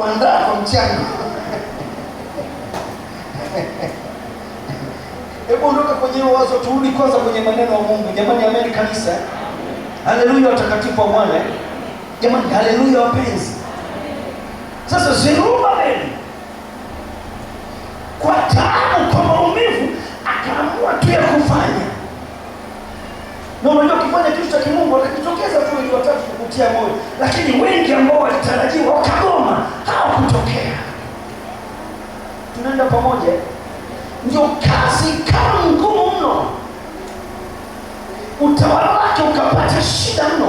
kuandaa kwa mchango. Hebu ondoka kwenye wazo, turudi kwanza kwenye maneno ya Mungu. Jamani, amen kanisa, haleluya, watakatifu wa Bwana. Jamani, haleluya wapenzi. Sasa Zerubabeli kwa taabu, kwa maumivu, akaamua tu ya kufanya, na unajua ukifanya kitu cha kimungu akakitokeza tu kutia moyo, lakini wengi ambao walitarajiwa wakagoma hawakutokea. Tunaenda pamoja? Ndio kazi kama ngumu mno, utawala wake ukapata shida mno,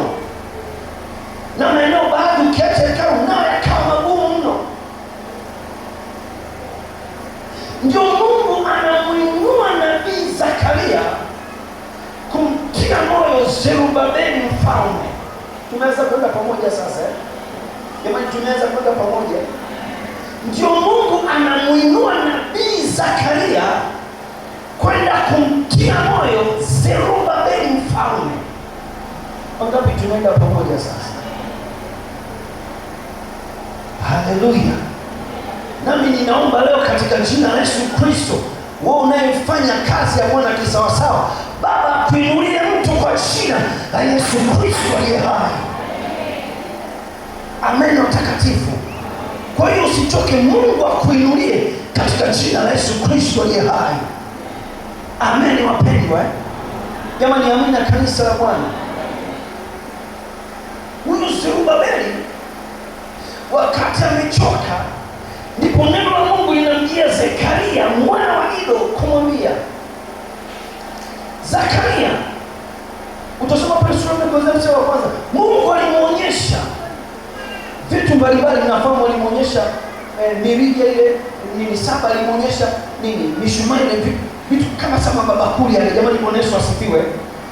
na maeneo baadhi ukiacha yakawa nayo yakawa magumu mno. Ndio Mungu anamwinua Nabii Zakaria kumtia moyo Zerubabeli mfalme Tunaweza kwenda pamoja sasa eh? Jamani, tunaweza kwenda pamoja. Ndio Mungu anamuinua nabii Zakaria kwenda kumtia moyo Zerubabeli mfalme. Wangapi tunaenda pamoja sasa? Haleluya! Nami ninaomba leo katika jina la Yesu Kristo, wewe unayefanya kazi ya mwana kisawasawa, Baba kuinulia kwa jina la Yesu Kristo aliye hai. Amen na utakatifu. Kwa hiyo usitoke, Mungu akuinulie katika jina la Yesu Kristo aliye hai. Amen wapendwa, eh? Jamani, amini ya kanisa la Bwana. Huyu Zerubabeli wakati amechoka, ndipo neno la Mungu linamjia Zekaria mwana wa Ido kumwambia Zakaria Utasoma pale sura ya kwanza mstari wa kwanza, Mungu alimuonyesha vitu mbalimbali. Nafahamu alimuonyesha eh, mirija ile nini saba, alimuonyesha nini mishumaa ile, vitu kama saba mabakuli yale. Jamani, Bwana Yesu asifiwe.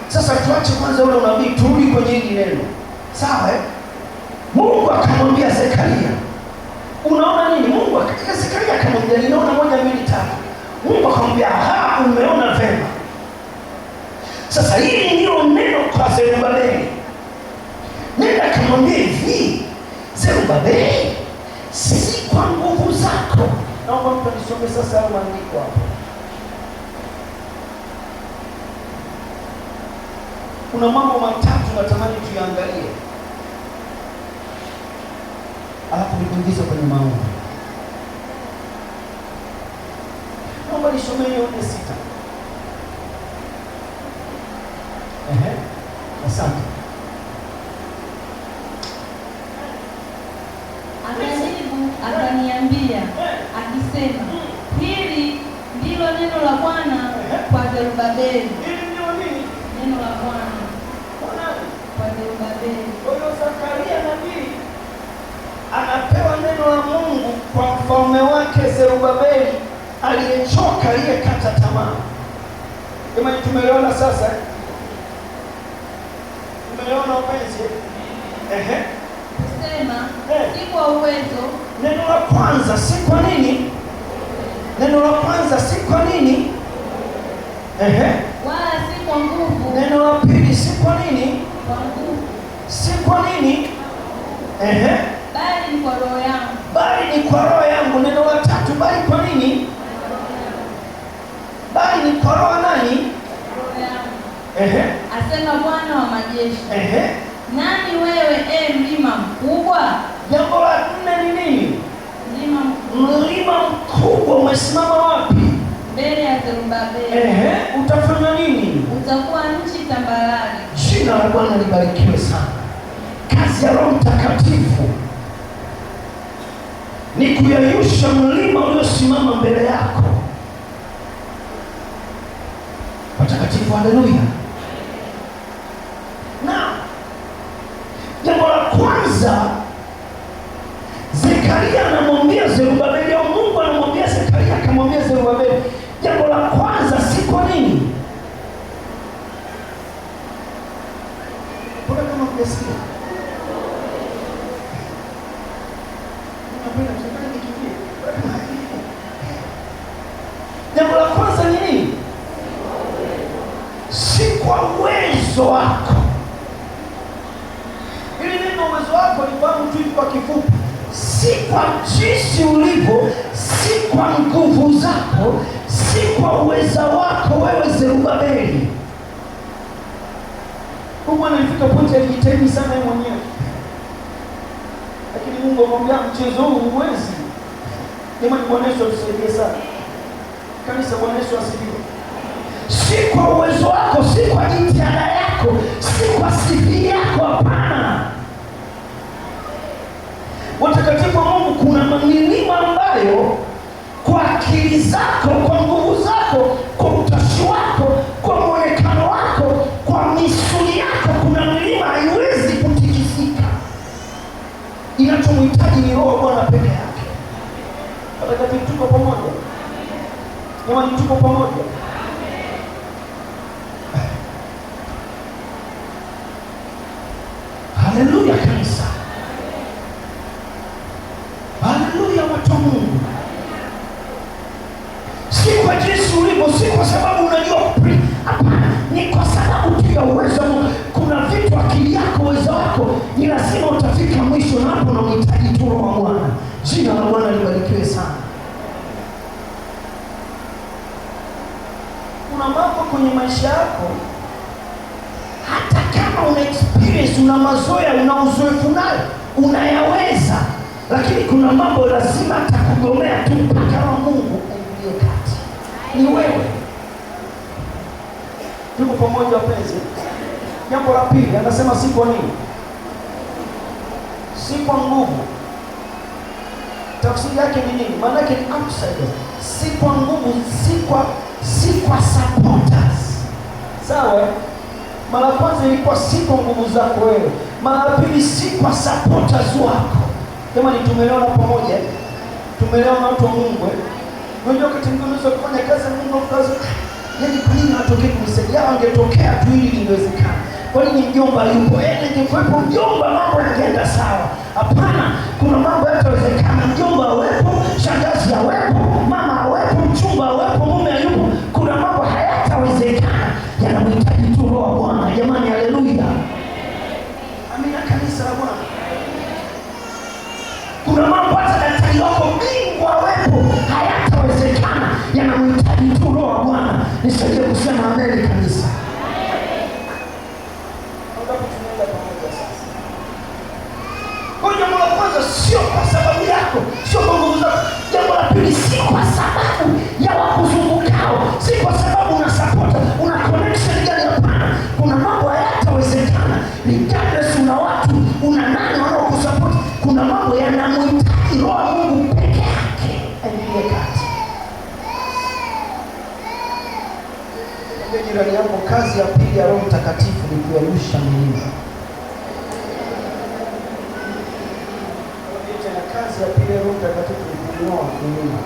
Sasa tuache kwanza ule unabii, turudi kwenye hili neno, sawa eh? Mungu akamwambia Zekaria, unaona nini? Mungu akamwambia Zekaria, akamwambia ninaona moja mbili tatu. Mungu akamwambia Zerubabeli, nenda kamwambia hivi, Zerubabeli, si kwa nguvu zako. Naomba mtu anisome sasa hayo maandiko hapo. Kuna mambo matatu natamani tuyaangalie, alafu nikuingiza kwenye maombi. Naomba nisomee hiyo nne sita Asante. akaniambia akisema, hili ndilo neno la Bwana kwa Zerubabeli. Neno la Bwana kwa Zerubabeli. Kwa hiyo Zakaria nabii anapewa neno la Mungu kwa mfalme wake Zerubabeli aliyechoka, aliyekata tamaa. Jamani, tumeelewana sasa? Eh? Umeona upenzi? Ehe, sema si kwa uwezo. Neno la kwanza si kwa nini? Neno la kwanza si kwa nini? Ehe, wala si kwa nguvu. Neno la pili si kwa nini? Kwa nguvu. Si kwa nini? Ehe, bali ni kwa roho yangu. Bali ni kwa roho yangu. Neno la tatu, bali kwa nini? Bali ni kwa roho nani? Asema Bwana wa majeshi. Ehe. Nani wewe e mlima mkubwa? Jambo la nne ni nini? Mlima mkubwa. Mlima mkubwa umesimama wapi? Mbele ya Zerubabeli. Utafanya nini? Utakuwa nchi tambarare. Jina la Bwana libarikiwe sana. Kazi ya Roho Mtakatifu ni kuyayusha mlima uliosimama mbele yako. Watakatifu, haleluya. Jambo la kwanza, Zekaria anamwambia Zerubabeli, au Mungu anamwambia Zekaria, akamwambia Zerubabeli, jambo la kwanza siko nini? Mbona kama mjasikia jinsi ulivyo, si kwa nguvu zako, si kwa uweza wako wewe Zerubabeli. Mungu anafika pote alijitahidi sana yeye mwenyewe, lakini Mungu amwambia mchezo huu huwezi. Jamani, Bwana Yesu atusaidie sana kanisa. Bwana Yesu asifiwe. Si kwa uwezo wako, si kwa jitihada yako Jamani, tuko pamoja. Haleluya kanisa, haleluya watu wa Mungu. Si kwa jinsi ulivyo, si kwa sababu unajua, hapana, ni kwa sababu tu ya uwezo. Kuna vitu akili yako, uwezo wako, ni lazima utafika mwisho, na hapo unamhitaji tu Roho wa Bwana. Jina la Bwana libarikiwe sana. kuna mambo kwenye maisha yako, hata kama una experience, una mazoea, una uzoefu nayo, unayaweza, lakini kuna mambo lazima atakugomea tu mpaka wa Mungu uingie kati. Ni wewe, tuko pamoja wapenzi? Jambo la pili anasema si kwa nini, si kwa nguvu. Tafsiri yake ni nini? Maana yake ni upside, si kwa nguvu, si kwa si kwa supporters. Sawa, mara kwanza ilikuwa si kwa nguvu zako wewe, mara pili si kwa supporters wako. Jamani, tumelewana pamoja, tumelewana watu wa Mungu. Eh? Unajua wakati mwingine unaweza kufanya kazi ya Mungu kazi, yaani kwa nini hatokei kunisaidia? Yaani Angetokea tu ili lingewezekana Kwa nini mjomba yupo, eh, ningekuwepo mjomba mambo yangeenda sawa. Hapana, kuna mambo yatawezekana, mjomba awepo, shangazi awepo ambacho sio kwa sababu yako, sio kwa nguvu zako. Jambo la pili, si kwa sababu ya wakuzungukao, si kwa sababu una support, una connection gani. Hapana, kuna mambo hayatawezekana ni regardless, una watu, una nani wanaokusupport. Kuna mambo yanamhitaji roho ya Mungu peke yake aingilie kati. Jirani yako, kazi ya pili ya Roho Mtakatifu ni kuamsha milima. Mtakatifu kuinua wakulima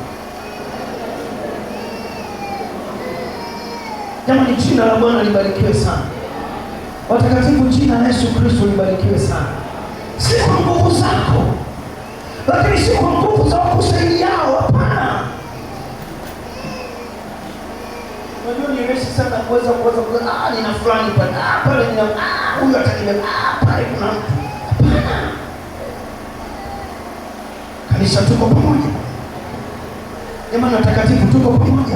jamani, jina la Bwana libarikiwe sana. Watakatifu, jina la Yesu Kristo libarikiwe sana. Si kwa nguvu zako, lakini si kwa nguvu za wakusaidiao, hapana. Unajua ni rahisi sana kuweza kuweza kuweza, ah, nina fulani pale, ah, pale nina, ah, huyu atakibeba, ah, pale kuna mtu Kanisa tuko pamoja jamani, watakatifu, tuko pamoja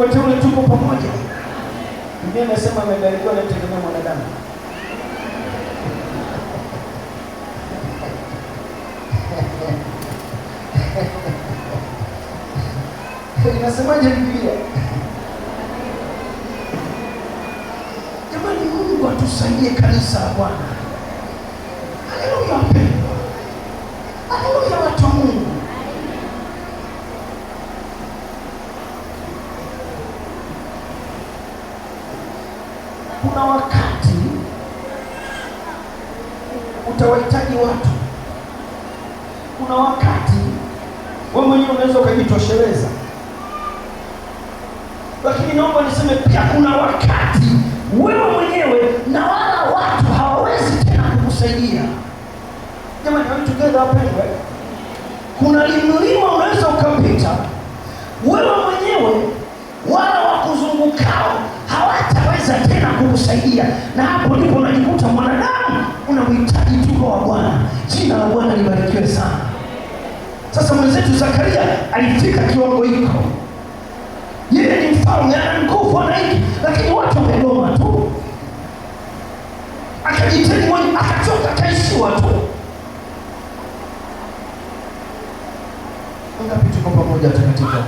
wateule, tuko pamoja. Biblia inasema amebarikiwa anayemtegemea mwanadamu. Inasemaje Biblia? Jamani, Mungu atusaidie kanisa la Bwana. wakati utawahitaji watu, kuna wakati wewe mwenyewe unaweza ukajitosheleza, lakini naomba niseme pia, kuna wakati wewe mwenyewe na wala watu hawawezi tena kukusaidia. Jamani, are we together? Kuna limlima kukusaidia, na hapo ndipo unajikuta mwanadamu unamhitaji tu kwa Bwana. Jina la Bwana libarikiwe sana. Sasa mwenzetu Zakaria alifika kiwango hiko, yeye ni mfalme, ana nguvu, ana hiki, lakini watu wamegoma tu, akajitenga mwenye, akachoka, akaishiwa tu. Wangapi tuko pamoja, watakatifu?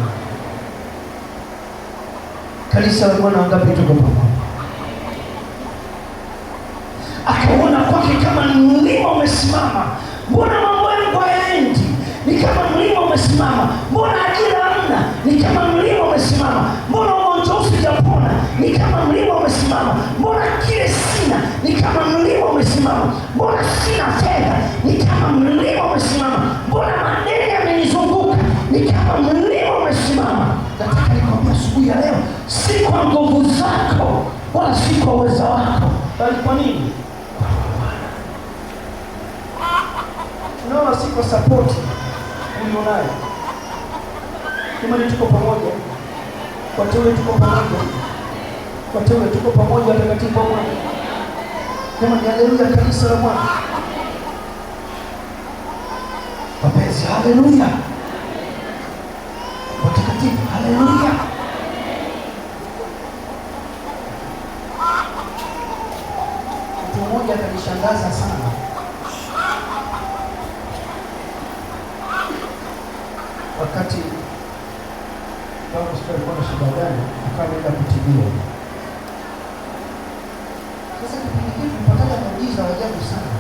Kanisa la Bwana, wangapi tuko pamoja? ni kama mlima umesimama, mbona mambo yangu hayaendi? Ni kama mlima umesimama, mbona ajira hamna? Ni kama mlima umesimama, mbona ugonjwa husijapona? Ni kama mlima umesimama, mbona kile sina? Ni kama mlima umesimama, mbona sina fedha? Ni kama mlima umesimama, mbona madeni yamenizunguka? Ni kama mlima Wateule tuko pamoja, wateule tuko pamoja, wateule tuko pamoja, watakatifu wa Bwana. Jamani, haleluya! Kanisa la Bwana, wapenzi, haleluya! Watakatifu, haleluya! alikuwa na shida gani, akawa kutibiwa. Sasa kipindi kile tulipata muujiza wa ajabu sana,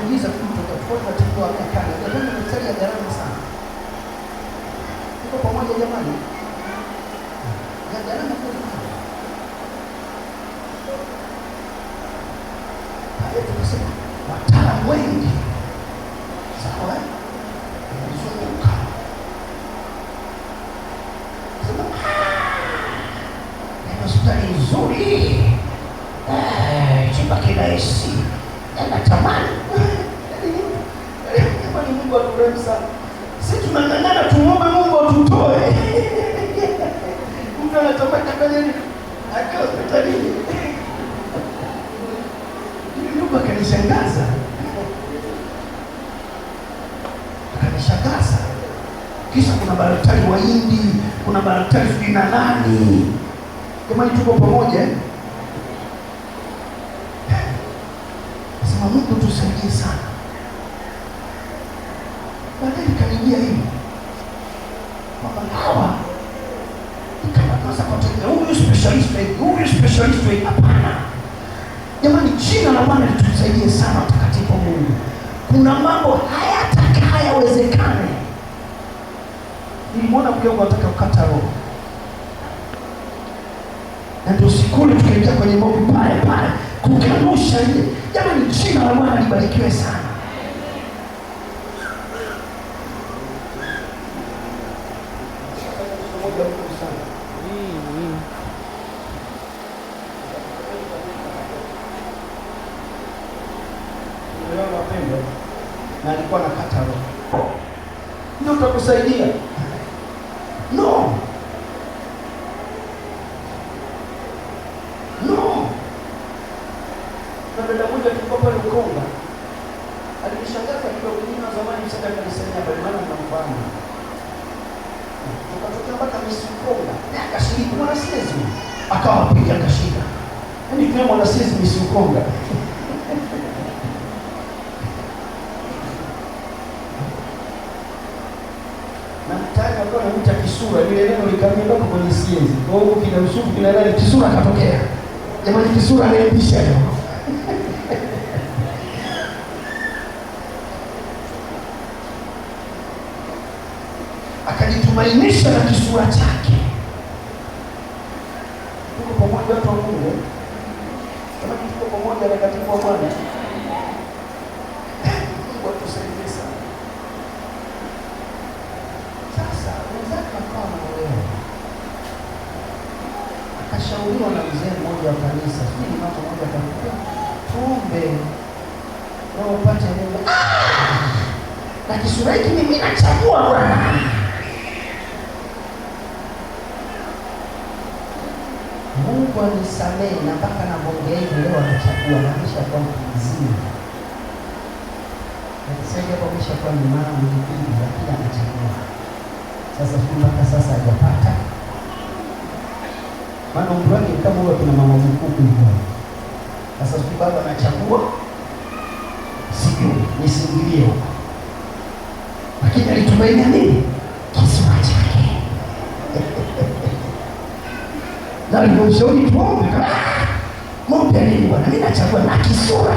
muujiza tu kutoka kwa tunatibiwa akakana, jamani, ni mstari ya gharama sana. Tuko pamoja jamani, ya gharama kwa tukasema wataalamu wengi mtu anatoka kwenye akiwa hospitalini. Mungu akanishangaza, akanishangaza. Kisha kuna madaktari wa Hindi, kuna madaktari sijui na nani. Jamani, tuko pamoja. Eh? na ndio siku ile tukaingia kwenye mbovu pale pale kukanusha ile. Jamani, jina la Bwana libarikiwe sana. memo na sisi misiukonga nataka kuwa kisura, yule neno likamiloko kwenye sienzi. Kwa hiyo kina msufu kina nani, kisura katokea. Jamani, kisura anaibisha leo akajitumainisha na kisura chake mbele na upate Mungu. Ah! Na kisura hiki mimi nachagua Bwana. Mungu anisamehe na mpaka na bonge hivi leo atachagua na kisha kwa mzima. Nikisema kwa kisha kwa ni mama mkubwa lakini anachagua. Sasa mpaka sasa hajapata. Maana umri wake kama huyo kuna mama mkubwa. Sasa siku baba anachagua, sijui nisingilie huko, lakini alitumainia nini? Kisiwa chake. Na nilimshauri tuombe, kama Mungu alini bwana, mimi nachagua na kisura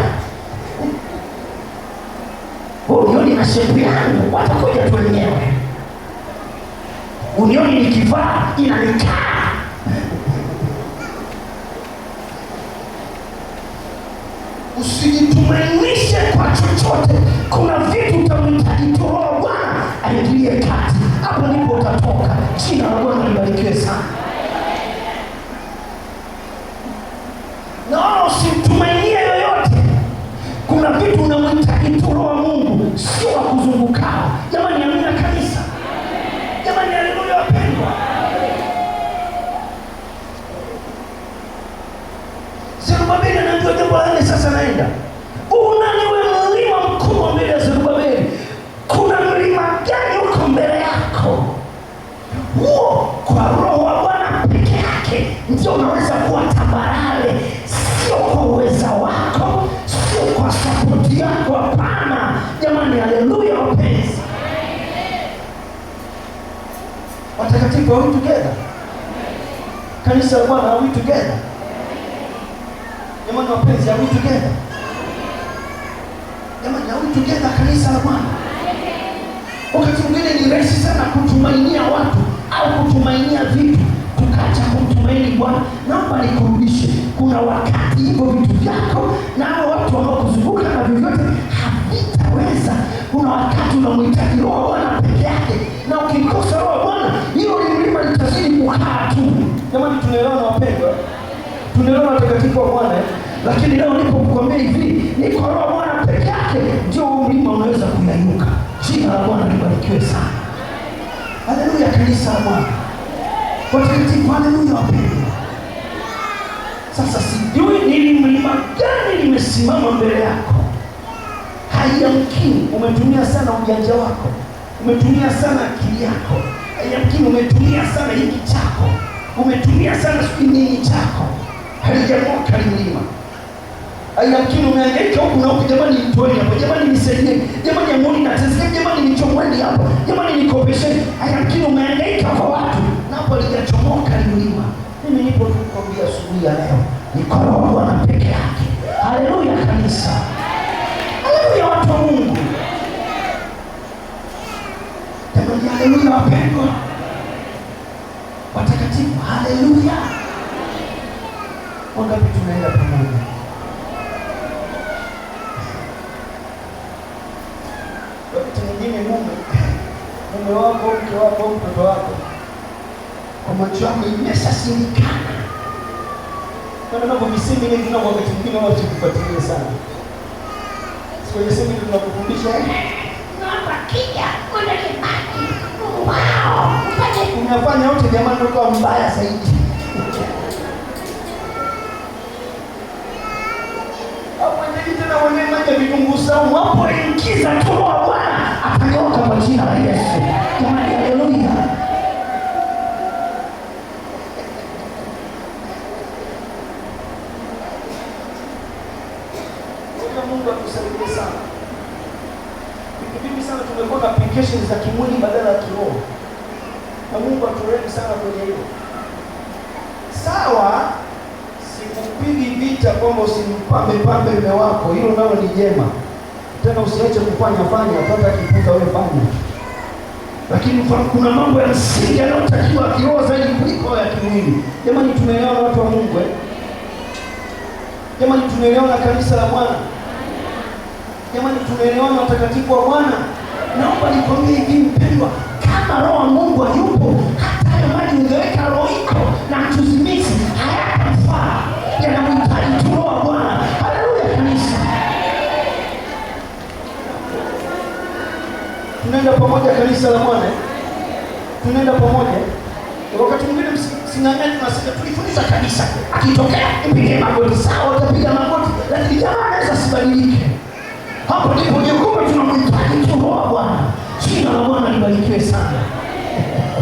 unioni na shepu yangu, watakuja tu wenyewe. Unioni nikivaa inanikaa usijitumainishe kwa chochote. Kuna vitu utamhitaji toa Bwana aingilie kati, hapo ndipo utatoka. Jina la Bwana libarikiwe sana. Naona usimtumainie yoyote. Kuna vitu unamhitaji toa Mungu, sio wa kuzungukao jamani. bwana, sasa naenda unaniwe mlima mkubwa mbele ya Zerubabeli. Kuna mlima gani huko mbele yako? Huo kwa roho wa Bwana peke yake ndio unaweza kuwa tambarare, sio kwa uweza wako, sio kwa sapoti yako. Hapana jamani, haleluya wapenzi watakatifu, are we together? Kanisa la Bwana, are we together? mapenzi ya mtu together. Jamani, ya mtu together kanisa la Bwana. Wakati mwingine ni rahisi sana kutumainia watu au kutumainia vitu tukaacha kumtumaini Bwana. Naomba nikurudishe, kuna wakati hivyo vitu vyako na hao watu wanaokuzunguka na vyovyote havitaweza. Kuna wakati unamhitaji Roho Bwana peke yake, na ukikosa Roho Bwana hilo lilima litazidi kukaa tu. Jamani, tunaelewana wapendwa? Tunaelewana watakatifu wa Bwana? Eh? Lakini leo niko kukwambia hivi, niko roho Bwana peke yake ndio mlima unaweza kuyayuka. Jina la Bwana libarikiwe sana. Haleluya, kanisa la Bwana watakatifu, haleluya wapendwa. Sasa sijui nili mlima gani limesimama mbele yako, haiyamkini umetumia sana ujanja wako, umetumia sana akili yako, haiyamkini umetumia sana hiki chako, umetumia sana sijui nini chako, halijamoka limlima Yamkini umeangaika huku na huku, jamani nitoeni hapa, jamani nisaidie, jamani amoni na nateseka, jamani nichomweni hapa, jamani nikopesheni. Yamkini umeangaika kwa watu na hapo alijachomoka mlima. Mimi nipo tu kukwambia asubuhi ya leo nikorogwa na peke yake. Haleluya kanisa, haleluya watu wa Mungu, jamani, haleluya wapendwa watakatifu, haleluya. Wangapi tunaenda pamoja? mume mume wako mke wako mtoto wako kwa macho yako imeshasirikana kuvisemi hivi, na wakati mwingine wao sana siku ya sema tunakufundisha ng'ombe eh? kija kuna kibaki wow unafanya yote jamani, uko mbaya zaidi kwenye vitunguu saumu, wapoingiza tumo wa Bwana akageuka kwa jina la Yesu. Jamani, haleluya! sana. na applications za kimwili badala ya kiroho, na Mungu aturehemu sana kwenye hilo. Sawa vita kwamba usimpambe pambe mume wako, hilo nalo ni jema. Tena usiache kufanya fanya, hata kipuka wewe fanya. Lakini kuna mambo ya msingi yanayotakiwa kiroho zaidi kuliko ya kimwili. Jamani, tumeelewa watu wa Mungu eh? Jamani, tumeelewana kanisa la Bwana? Jamani, tumeelewana watakatifu wa Bwana? Naomba nikwambie hivi mpendwa, kama roho wa Mungu hayupo, hata hayo maji ungeweka roho iko na tuzimisi hayatamfaa yanamwita tunaenda pamoja kanisa la Bwana, tunaenda pamoja. Wakati mwingine msing'ang'ani, tunasema tulifundisha kanisa, akitokea mpige magoti sawa, utapiga magoti, lakini jamaa anaweza sibadilike. Hapo ndipo jukumu tunamhitaji tu wa Bwana. Jina la Bwana libarikiwe sana.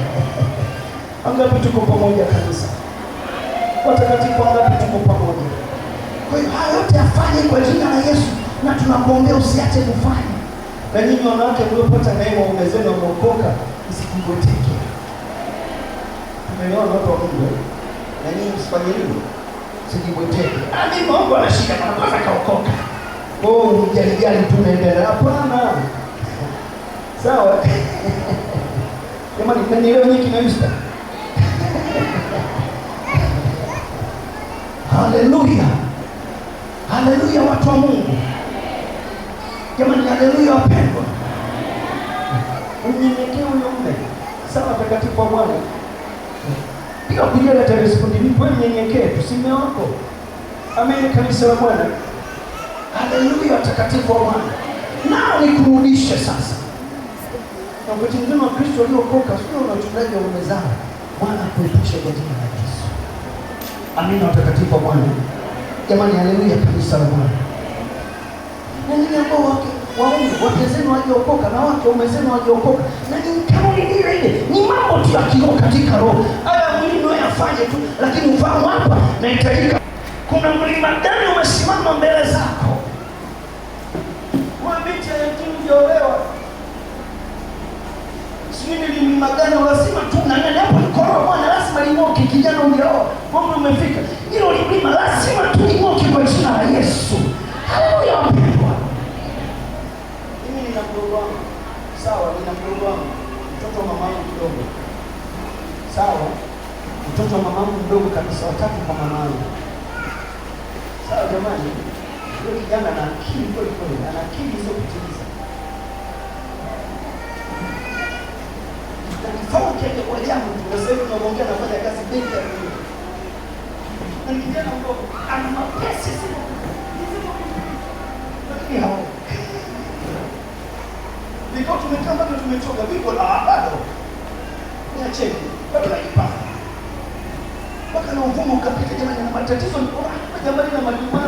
Angapi tuko pamoja kanisa, watakatifu? Angapi tuko pamoja? Kwa hiyo haya yote afanye kwa jina la Yesu, na tunakuombea usiache kufanya na nyinyi wanawake mliopata naye waume zenu wameokoka, msikungotike. Tumeelewana watu wa Mungu, eh? na nyinyi msifanye hivyo, msijigoteke. Mimi Mungu anashika kama kwanza kaokoka, wewe oh, unajalijali tu unaendelea. Hapana, sawa jamani, mnanielewa nyinyi kina Yusta? Haleluya, haleluya, watu wa Mungu. Jamani, haleluya wapendwa. Unyenyekee uyombe sana mtakatifu wa Bwana. Pia kujele tarehe sikundi ni kweli nyenyekee tusime wako. Amen kanisa la Bwana. Haleluya watakatifu wa Bwana. Nao nikurudishe sasa. Na wakati mzima Kristo aliokoka sio na wachungaji wa umezao. Bwana kuepusha kwa jina la Yesu. Amina watakatifu wa Bwana. Jamani, haleluya kanisa la Bwana wengine ambao wake waume wake zenu wajeokoka na wake waume zenu wajeokoka, na ni kauli ile ile, ni mambo tu ya kiroho katika roho. Haya mwili ndio yafanye tu, lakini ufahamu hapa nahitajika. Kuna mlima gani umesimama mbele zako? Mwabicha yetunjolewa sijui ni mlima gani, lazima tu na nani hapo nikoroa bwana, lazima limoke. Kijana ungeoa mambo umefika, hilo mlima lazima tu limoke kwa jina la Yesu. Haleluya! mdogo wangu, sawa, nina mdogo wangu, mtoto wa mamangu mdogo, sawa, mtoto wa mamangu mdogo kabisa, watatu kwa mamangu, sawa. Jamani, huyo kijana ana akili kweli kweli, ana akili isiyopitiliza. Tofauti yake kwa anafanya kazi benki ya dunia, kijana mdogo, ana mapesa, vikao tumekaa bado tumetoka vipo na bado niacheni bado najipanga mpaka na uvumo ukapita. Jamani, na matatizo ni jamani na majumba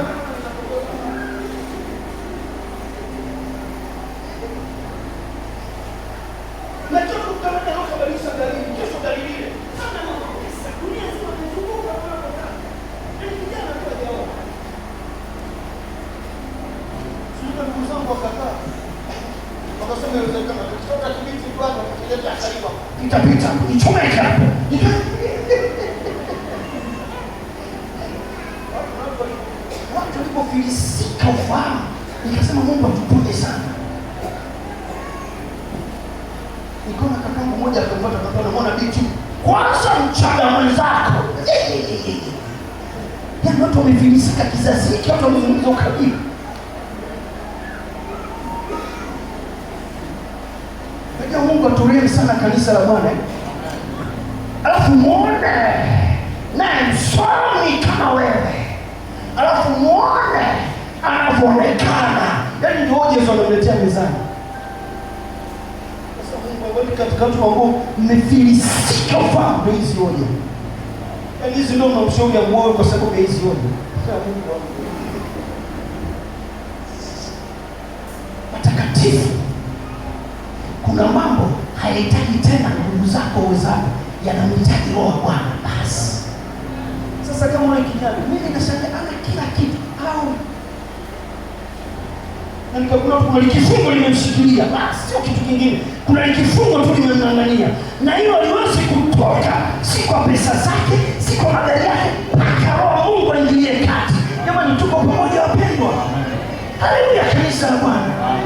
kufilisika kizazi hiki, watu wamezungumza ukabila. Najua Mungu aturehemu sana kanisa la Bwana. Alafu muone naye msomi kama wewe, alafu muone anavyoonekana, yaani ndio Yesu anamletea mezani. Katika watu ambao mmefilisika ufahamu, ndio hizi hoja, yaani hizi ndio mnamshauri amuoe kwa sababu ya hizi hoja matakatifu watakatifu. Kuna mambo hayahitaji tena nguvu zako weza yanamhitaji Roho wa Bwana. Basi sasa, kama una kijana, mimi nashangaa ana kila kitu au na kuna likifungo limemshikilia, basi sio kitu kingine, kuna likifungo tu limemng'ang'ania, na hiyo haliwezi kutoka, si kwa pesa zake, si kwa magari yake kuinuliwa. Haleluya, kanisa la Bwana.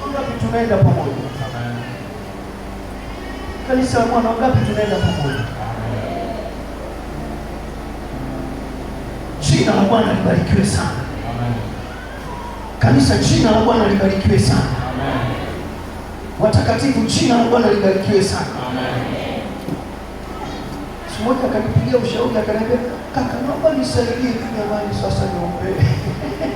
Wangapi tunaenda pamoja? Kanisa la Bwana, wangapi tunaenda pamoja? Jina la Bwana libarikiwe sana. Kanisa, jina la Bwana libarikiwe sana. Watakatifu, jina la Bwana libarikiwe sana. Siku moja akanipigia ushauri akaniambia kaka, naomba nisaidie tu jamani, sasa niombee